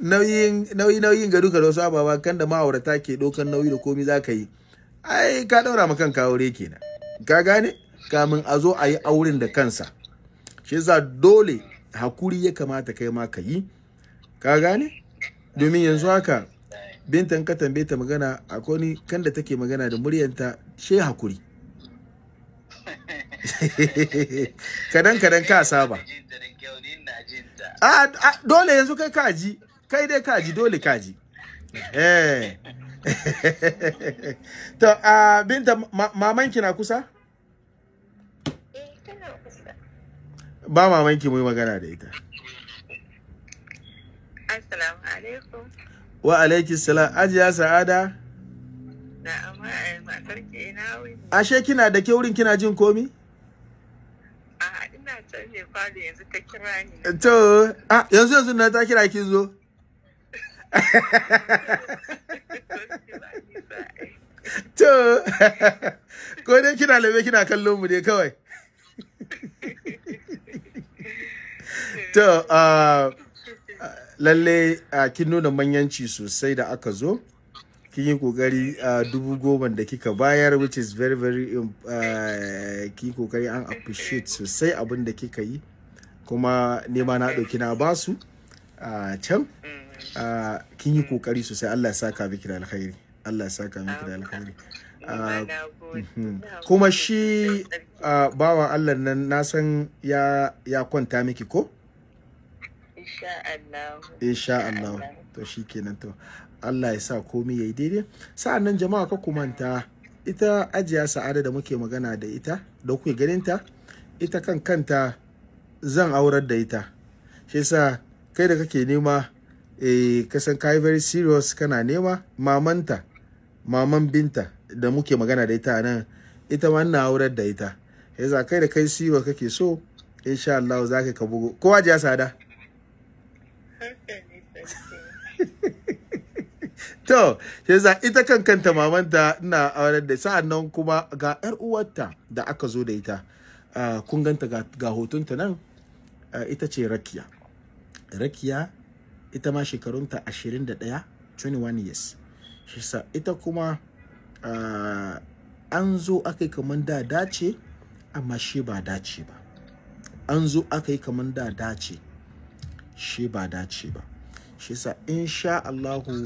nauyin nauyi nauyin ga duka da wasu ababa kan da ma'aurata ke dokan nauyi da komi zaka yi ai ka daura ma kanka aure kenan ka gane kamin a zo a yi auren da kansa shi za dole hakuri ya kamata kai ma ka yi ka gane domin yanzu haka bintan ka tambaye ta magana akwai kan da take magana da muryanta shi hakuri kadan kadan ka saba a dole yanzu kai kaji kai dai kaji dole kaji eh to a binta mamanki na kusa ba mamanki mu magana da ita assalamu alaikum wa alaiki salam ajiya sa'ada na'am eh, matar ke nawi ashe kina da wurin kina jin komi a ina can ne falo yanzu ta kira ni to a yanzu yanzu na ta kira ki zo to ko dai kina lebe kina kallon mu dai kawai to uh, lalle uh, kin nuna manyanci sosai da aka zo kin yi kokari uh, dubu goma da kika bayar which is very very um, kin kokari an appreciate sosai abin da kika yi kuma nema na ɗauki na basu a can kin yi kokari sosai Allah ya saka miki da alkhairi Allah ya saka miki da alkhairi mhm. kuma shi bawa Allah nan na san ya kwanta miki ko insha Allah to shi kenan to Allah ya sa komai yayi daidai sa'annan jama'a ka kumanta ita ajiya sa'ada da muke magana da ita da kuke ganinta. ta ita kan kanta zan aurar da ita shi yasa kai da kake nema eh kasan kai very serious kana nema mamanta maman binta da muke magana da ita nan ita ma ina aurar da ita yasa kai da kai siwa kake so insha Allah za ka bugo kowa ji sa'ada? sada To, za ita kan kanta mamanta ina aure da sa na kuma ga 'yar uwarta da aka zo da ita. kun ganta ga hotonta nan ita ce Rakiya. Rakiya ita ma shekarunta 21, 21 years. sa ita kuma an zo aka yi kamar da dace amma shi ba dace ba. An zo aka yi kamar da dace shi ba dace ba shi sa insha Allahu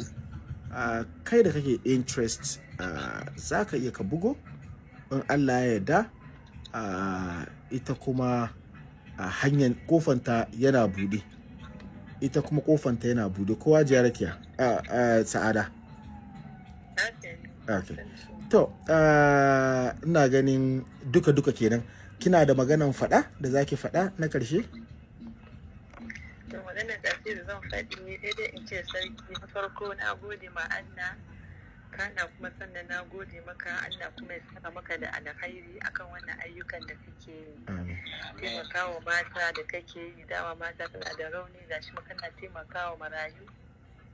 kai da kake interest za ka iya ka bugo in Allah ya yarda ita kuma hanyar kofanta yana bude ita kuma kofanta yana bude kowa jiyar sa'ada to ina ganin duka-duka kenan kina da maganan fada da zaki fada na karshe? ce zan faɗi daidai dai in ce sarki na farko na gode ma Allah kana kuma sannan na gode maka Allah kuma ya saka maka da alkhairi akan wannan ayyukan da kake yi taimakawa mata da kake yi dama mata tana da rauni da kuma kana taimakawa marayu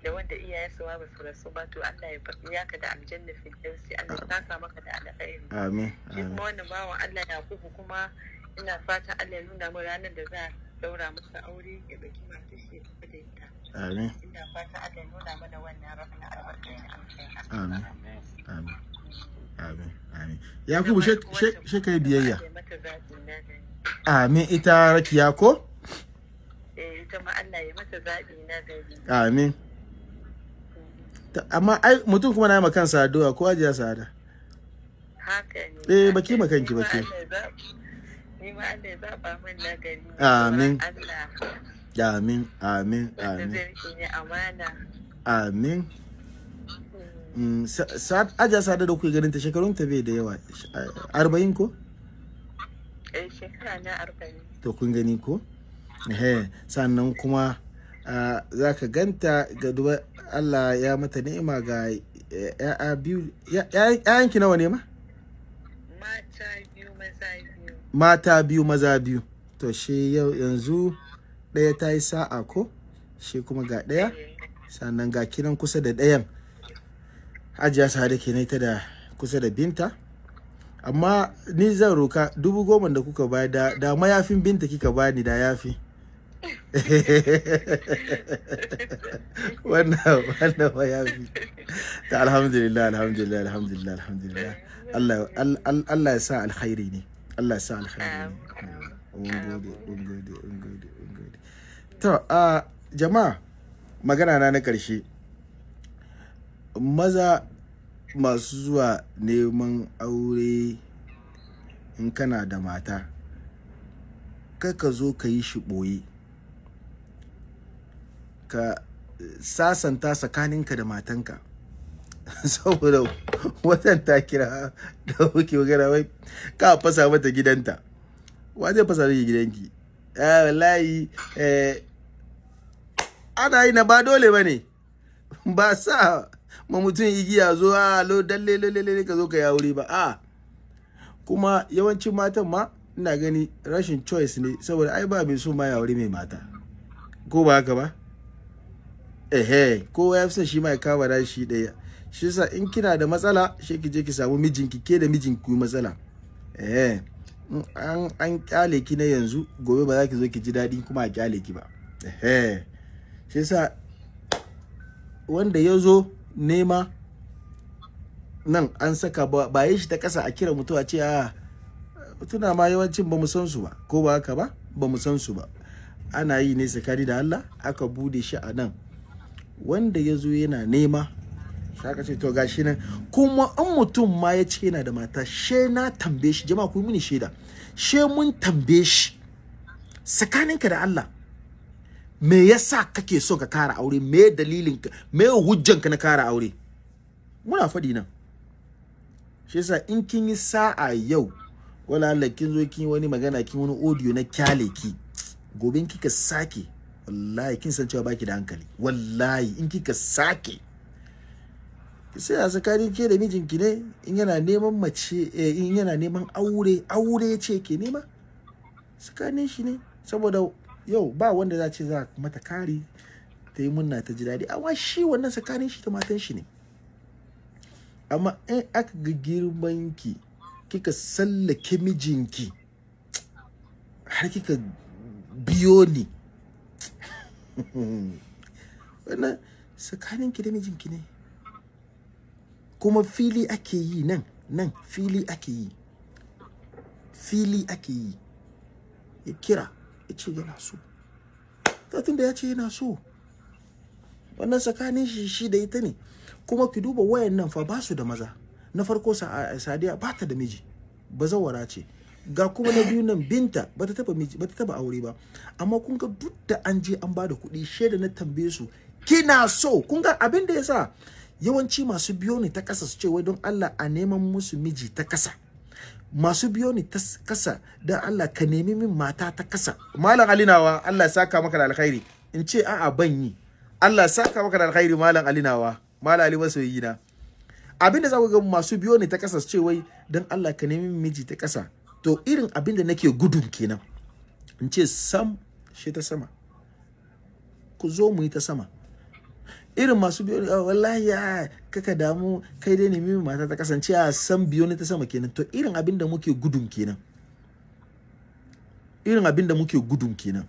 da wanda iyaye su ba su rasu ba to Allah ya faɗi ka da aljanna firdausi Allah ya saka maka da alkhairi amin shi kuma wannan bawan Allah ya kuma ina fata Allah ya nuna mu ranar da za daura masa aure ya masu shi kudinta. Amin. fata nuna mana wannan Amin. Amin. Amin. Yakubu she kai biyayya. Amin ita rakiya ko? Eh ita ma Allah ya mata zaɓi na gari. Amin. Amma ai mutum kuma na yi kansa addu'a ko ajiya sada. Haka ne. Eh baki makanki baki. Allah Amin. Amin. Amin. Amin. Hmm. Mm, amin. Aja sada da kuke ganin ta shekarun ta bai da yawa. Arba'in ko? Eh shekara na arba'in. To kun gani ko? sannan kuma za ka ganta ga duba Allah ya mata ni'ima ga ya'a eh, biyu. Ya'yanki nawa ne ma? Mata mata biyu maza biyu to shi yau yanzu ɗaya ta yi sa'a ko shi kuma ga ɗaya sannan ga kinan kusa da ɗayan hajiya sahada kenan ta da kusa da binta amma ni zan roka dubu goma da kuka bayar da, da mayafin binta kika bani da yafi wannan wannan mayafi ta alhamdulillah alhamdulillah alhamdulillah alhamdulillah Allah ya sa alkhairi ne Allah sa alkhairi to a jama'a magana na na ƙarshe, maza masu zuwa neman aure in kana da mata ka zo ka yi shi ɓoye ka eh, sasanta tsakaninka da matanka saboda watan ta kira da wuke wakana wai ka fasa mata gidanta wa zai fasa miki gidanki ya wallahi eh ana yi na ba dole bane ba sa ma mutum igiya zo a lo dalle lalle ka zo ka yauri ba a kuma yawancin matan ma ina gani rashin choice ne saboda ai ba mai so ma yauri mai mata ko ba haka ba ehe kowa ya fi son shi ma ya kawo shi ɗaya shi yasa in kina da matsala shi ki je ki samu mijinki ke da mijinki matsala eh an an kyale ki na yanzu gobe ba za ki zo ki ji daɗi kuma a kyale ki ba eh shi yasa wanda ya zo nema nan an saka ba yi shi ta kasa a kira mutuwa ce a ah, tuna ma yawancin ba mu san su ba ko ba haka ba ba mu san su ba ana yi ne tsakani da Allah aka bude shi a nan wanda ya zo yana nema sai aka ce to gashi nan kuma in mutum ma ya ce yana da mata she na tambaye shi jama'a ku yi mini shaida she mun tambaye shi tsakaninka da Allah me yasa kake so ka kara aure me dalilin ka me hujjan ka na kara aure muna faɗi nan shi yasa in kin yi sa'a yau wala Allah kin zo kin wani magana kin wani audio na kyale ki gobe kika sake wallahi kin san cewa baki da hankali wallahi in kika sake sai a tsakanin ke da mijinki ne in yana neman mace eh, in yana neman aure aure ce ke nema tsakanin shi ne saboda yau ba wanda za ce za mata kari ta yi munna ta ji daɗi amma shi wannan tsakanin shi da matan shi ne amma in aka ga girmanki kika sallake mijinki har kika biyo ni wannan tsakaninki da mijinki ne kuma fili ake yi nan nan fili ake yi fili ake yi ya kira ya ce yana so tatin da ya ce yana so wannan tsakanin shi shi da ita ne kuma ki duba wayan nan fa ba su da maza na farko sadiya ba ta da miji bazawara ce ga kuma na biyu nan binta bata taba miji taba aure ba amma kun ga duk da an je an bada kuɗi shaida na tambaye su kina so kun ga abin da yasa yawanci masu biyo ne ta kasa su ce wai don Allah a neman musu miji ta kasa masu biyo ne ta kasa don Allah ka nemi min mata ta kasa malam alinawa Allah saka maka da alkhairi in ce a'a ban yi Allah saka maka da alkhairi malam alinawa malam ali masoyi na abin da za ku ga masu biyo ne ta kasa su ce wai don Allah ka nemi min miji ta kasa to irin abin da nake gudun kenan in ce sam shi ta sama ku zo mu yi ta sama irin masu biyo ah, wallahi ya kaka damu kai dai ne mimi mata ta kasance a san biyo ne ta sama kenan to irin abin da muke gudun kenan irin abin da muke gudun kenan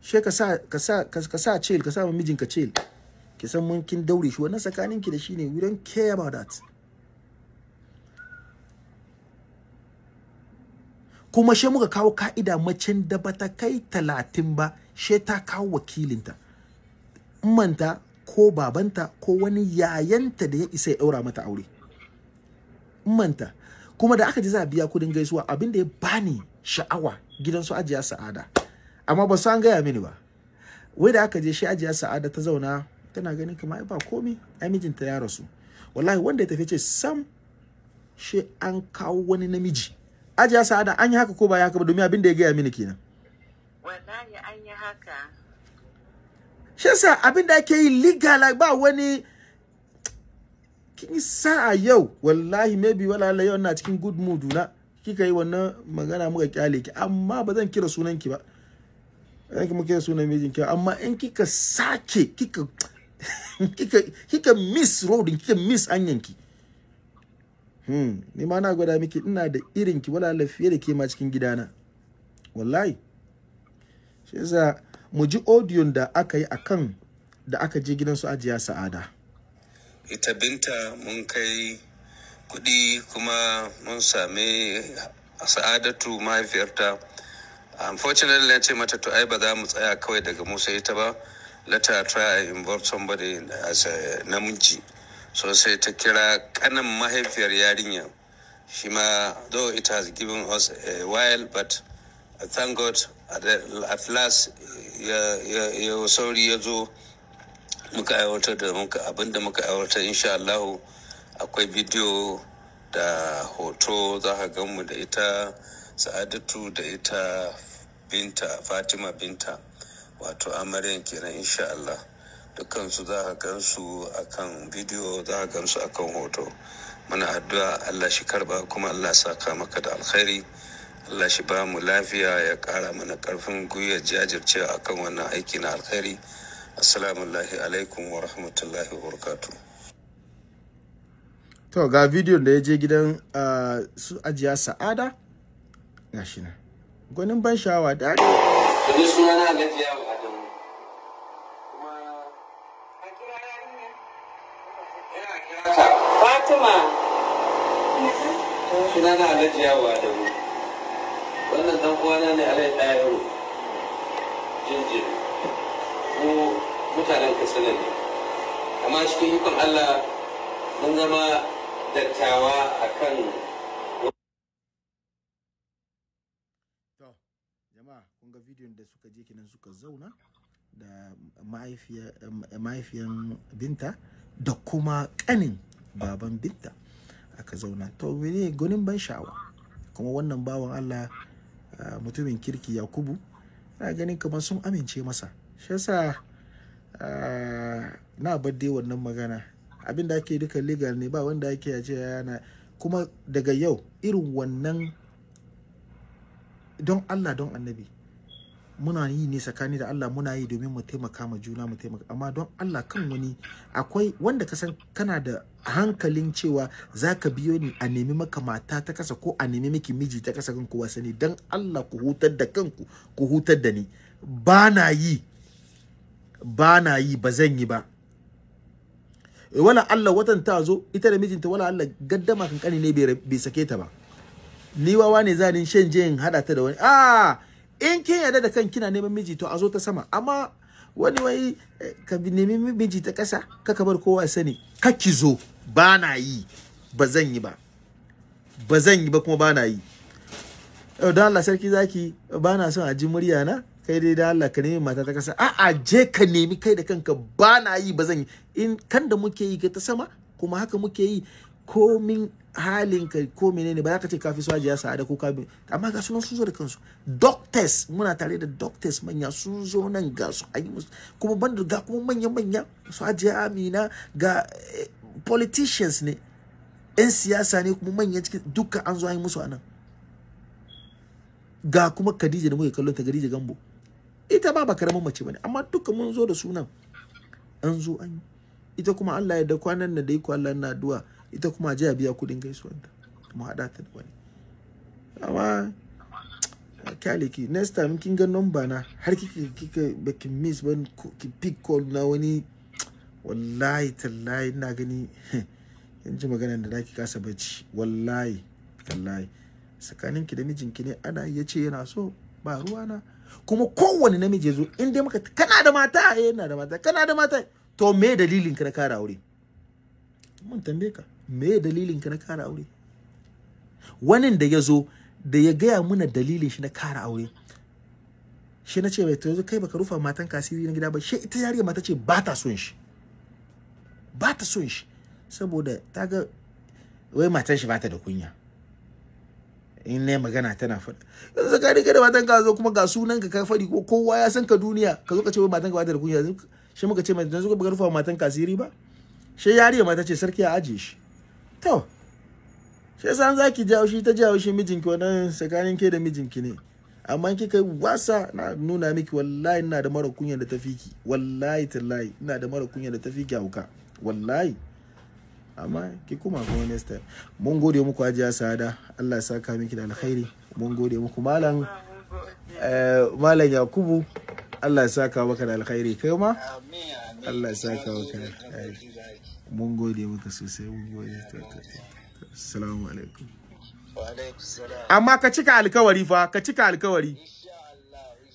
she ka sa ka sa ka sa chill ka sa mijinka chill ki san mun kin daure shi wannan tsakanin ki da shi ne we don't care about that kuma she muka kawo ka'ida macen da bata kai talatin ba she ta kawo wakilinta ummanta ko babanta ko wani yayanta da ya isa ya ɗaura mata aure ummanta kuma da aka ji za a biya kudin gaisuwa abin da ya bani sha'awa gidan su ajiya sa'ada amma ba su an gaya mini ba wai da aka je shi ajiya sa'ada ta zauna tana ganin kama ba komi ai mijinta ya rasu wallahi wanda ya tafi ce sam shi an kawo wani namiji ajiya sa'ada an yi haka ko ba ya haka ba domin abin da ya gaya mini kenan wallahi an yi haka shi yasa abin da ake yi legal ba wani kin sa'a yau wallahi maybe wala yau na cikin good mood na kika yi wannan magana muka kyale ki amma ba zan kira sunan ki ba zan ki muke sunan mijin ki amma in kika sake kika kika kika miss road kika miss anyan ki hmm ni ma na gwada miki ina da irin ki wala fiye da ke ma cikin gidana wallahi shi yasa mu ji odiyon da aka yi kan da aka je gidan su ajiya sa'ada ita binta mun kai kudi kuma mun sami sa'adatu mahaifiyarta unfortunately na ce mata to ai ba za mu tsaya kawai daga musa ita ba lata try and involve somebody as a namiji sosai ta kira kanan mahaifiyar yarinya shi ma though it has given us a while but thank god at last ya sauri ya zo muka aiwatar da muka da muka aiwatar insha Allah akwai bidiyo da hoto za ka mu da ita sa'adatu da ita binta fatima binta wato amaryan kenan insha Allah dukansu za ka gansu akan bidiyo za ka gansu akan hoto muna addu'a Allah shi karba kuma Allah saka maka da alkhairi Allah shi ba mu lafiya ya kara mana karfin gwiwa jajirce a kan wannan aiki na alkhairi assalamu alaikum wa rahmatullahi wa barakatu to ga bidiyon da ya je gidan su ajiya sa'ada ga shi na gwanin ban sha'awa da ni suna na lafiya fatima suna na lafiya sunana ne alai yaro jinjin ko mutanen katsina ne amma cikin ikon allah mun zama dattawa a kan jama'a kun ga bidiyon da suka je kenan suka zauna da mahaifiyan binta da kuma kanin baban binta aka zauna to wani gunin ban sha'awa kuma wannan bawan allah mutumin kirki yakubu ina ganin kamar sun amince masa shi yasa na bar wannan magana abin da ake duka legal ne ba wanda ake yace yana kuma daga yau irin wannan don allah don annabi muna yi ne tsakani da Allah muna yi domin mu taimaka ma juna mu taimaka amma don Allah kan wani akwai wanda ka san kana da hankalin cewa za ka biyo ni a nemi maka mata ta kasa ko a nemi miki miji ta kasa kanku wasa ne don Allah ku hutar da kanku ku hutar da ni ba na yi ba na yi ba zan yi ba eh, wala Allah watan ta zo ita da mijinta wala Allah gaddama kankani ne bai sake ta ba ni wawa ne zanin shan in hada ta da wani "Ah!" in kin yarda da kan kina neman miji to a zo ta sama amma wani wai eh, ka nemi miji ta ƙasa ka bar kowa sani ka ki zo ba na yi ba zan yi ba ba zan yi ba kuma ba na yi yau eh, da Allah sarki zaki ba na son a ji murya na kai dai da Allah ka nemi mata ta ƙasa a'a je ka nemi kai da kanka ba na yi ba zan yi in kan da muke yi ga ta sama kuma haka muke yi komin halinka ko menene ba za ka ce kafi fi su ajiya sa'ada ko kafi amma ga sunan sun zo da kansu doctors muna tare da doctors manya sun zo nan ga su ayi yi musu kuma bandar ga kuma manya manya su ajiya amina ga eh, politicians ne yan siyasa ne kuma manya cikin duka an zo an yi musu anan ga kuma Khadija da muke kallon ta Khadija Gambo ita ba ba karamin mace bane amma duka mun zo da sunan an zo an ita kuma Allah ya da kwanan na da iko Allah na addu'a ita kuma je a biya kudin gaisuwanta mu haɗa ta da wani amma kyaliki next time kin ga number na har kika kika bakin miss ban ki pick call na wani wallahi tallahi ina gani in ji magana da zaki kasa bacci wallahi tallahi tsakanin ki da mijinki ne ana iya ce yana so ba ruwa na kuma kowane namiji ya zo in dai muka kana da mata eh yana da mata kana da mata to me dalilin ka na kara aure mun tambaye ka me dalilin ka na kara aure wani da ya zo da ya gaya muna dalilin shi na kara aure shi na ce bai to kai baka rufa matan kasiri na gida ba shi ita yariya mata ce ba ta son shi ba ta son shi saboda ta ga wai matan shi ba ta da kunya in ne magana tana faɗa yanzu ka rike da matan ka zo kuma ga sunan ka ka faɗi ko kowa ya san ka duniya ka zo ka ce wai matan ka ba ta da kunya shi muka ce mai yanzu ka rufa matan kasiri ba shi yariya mata ce sarki ya aje shi to shi san za ki jawo shi ta jawo shi mijinki wannan tsakanin ke da mijinki ne amma kika wasa na nuna miki wallahi ina da mara kunya da tafi ki wallahi tallahi ina da mara kunya da tafi ki hauka wallahi amma ki kuma kuma next time mun gode muku ajiya sada Allah ya saka miki da alkhairi mun gode muku malam eh, malam yakubu Allah ya saka maka da alkhairi kai ma Allah ya saka maka da alkhairi mun gode maka sosai mun gode assalamu alaikum amma ka cika alkawari fa ka cika alkawari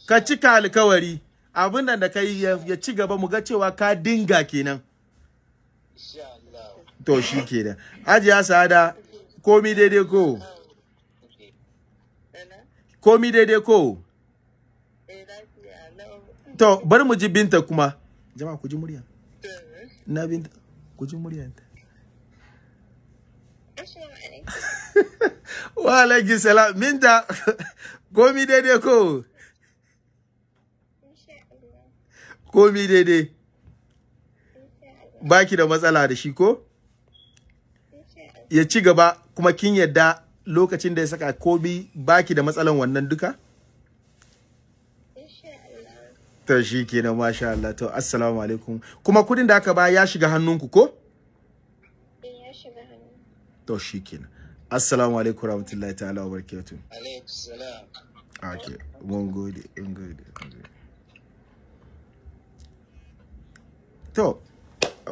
ka cika alkawari abin da kai ya ci gaba mu ga cewa ka dinga kenan to shi kenan ajiya sada komi daidai ko komi daidai ko to bari mu ji binta kuma jama'a ku ji murya na binta guji muryanta wa alaikin salam minta komi daidai ko komi daidai baki da matsala da shi ko ya ci gaba kuma kin yadda lokacin da ya saka komi baki da matsalan wannan duka to shi kenan masha Allah to assalamu alaikum kuma kudin da aka ba ya shiga hannunku ko eh, to shi kenan assalamu alaikum rahmatullahi ta'ala wa barakatuh alaikum salam okay mun gode mun gode to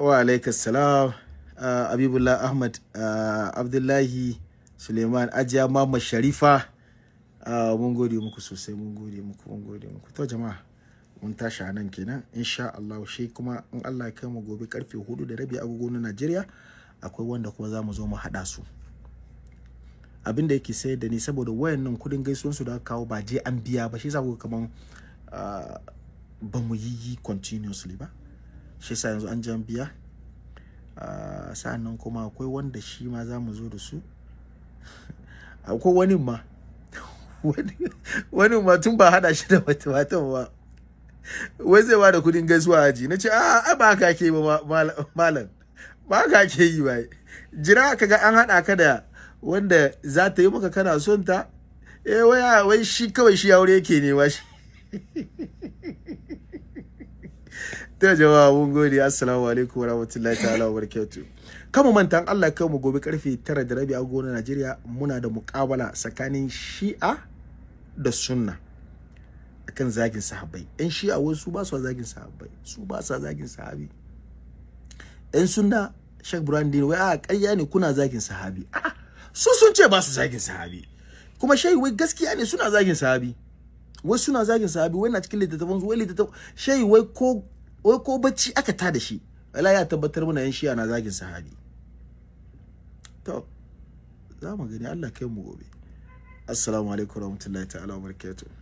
wa alaikum salam uh, ah, abibullah ahmad uh, abdullahi suleiman ajiya mama sharifa uh, mun gode muku sosai mun gode muku mun gode muku to jama'a mun tashi a nan kenan insha Allah shi kuma in Allah ya kai mu gobe karfe hudu da rabi agogo na Najeriya akwai wanda kuma za mu zo mu haɗa su abin da yake sayar da ni saboda wayannan kudin gaisuwan su da aka kawo ba je an biya ba shi yasa kaman ba mu yi continuously ba shi yasa yanzu an je an biya sa'annan kuma akwai wanda shi ma za mu zo da su akwai wani ma wani ma tun ba hada shi da wata ba wai zai bada kudin gaisuwa aji nace a ah, a ba ka ke ba malam ba ka ke yi ba jira kaga an haɗa ka da wanda za ta yi maka kana son ta eh waya wai shi kawai shi aure yake ne ba shi ta jama'a mun gode assalamu alaikum wa warahmatullahi ta'ala wabarakatuh kama mantan Allah kawai mu gobe karfe 9 da rabi a gona Najeriya muna da muƙabala tsakanin Shi'a da Sunna akan zagin sahabbai ɗan shi a wasu ba su zagin sahabbai su ba su zagin sahabi ɗan sunna Sheikh Brandin wai a ƙarya ne kuna zagin sahabi a su sun ce ba su zagin sahabi kuma shai wai gaskiya ne suna zagin sahabi wai suna zagin sahabi wai na cikin littattafan su wai littattafan shai wai ko wai ko bacci aka tada shi wala ya tabbatar mana yan na zagin sahabi to za mu gani Allah kai mu gobe assalamu alaikum warahmatullahi ta'ala wabarakatuh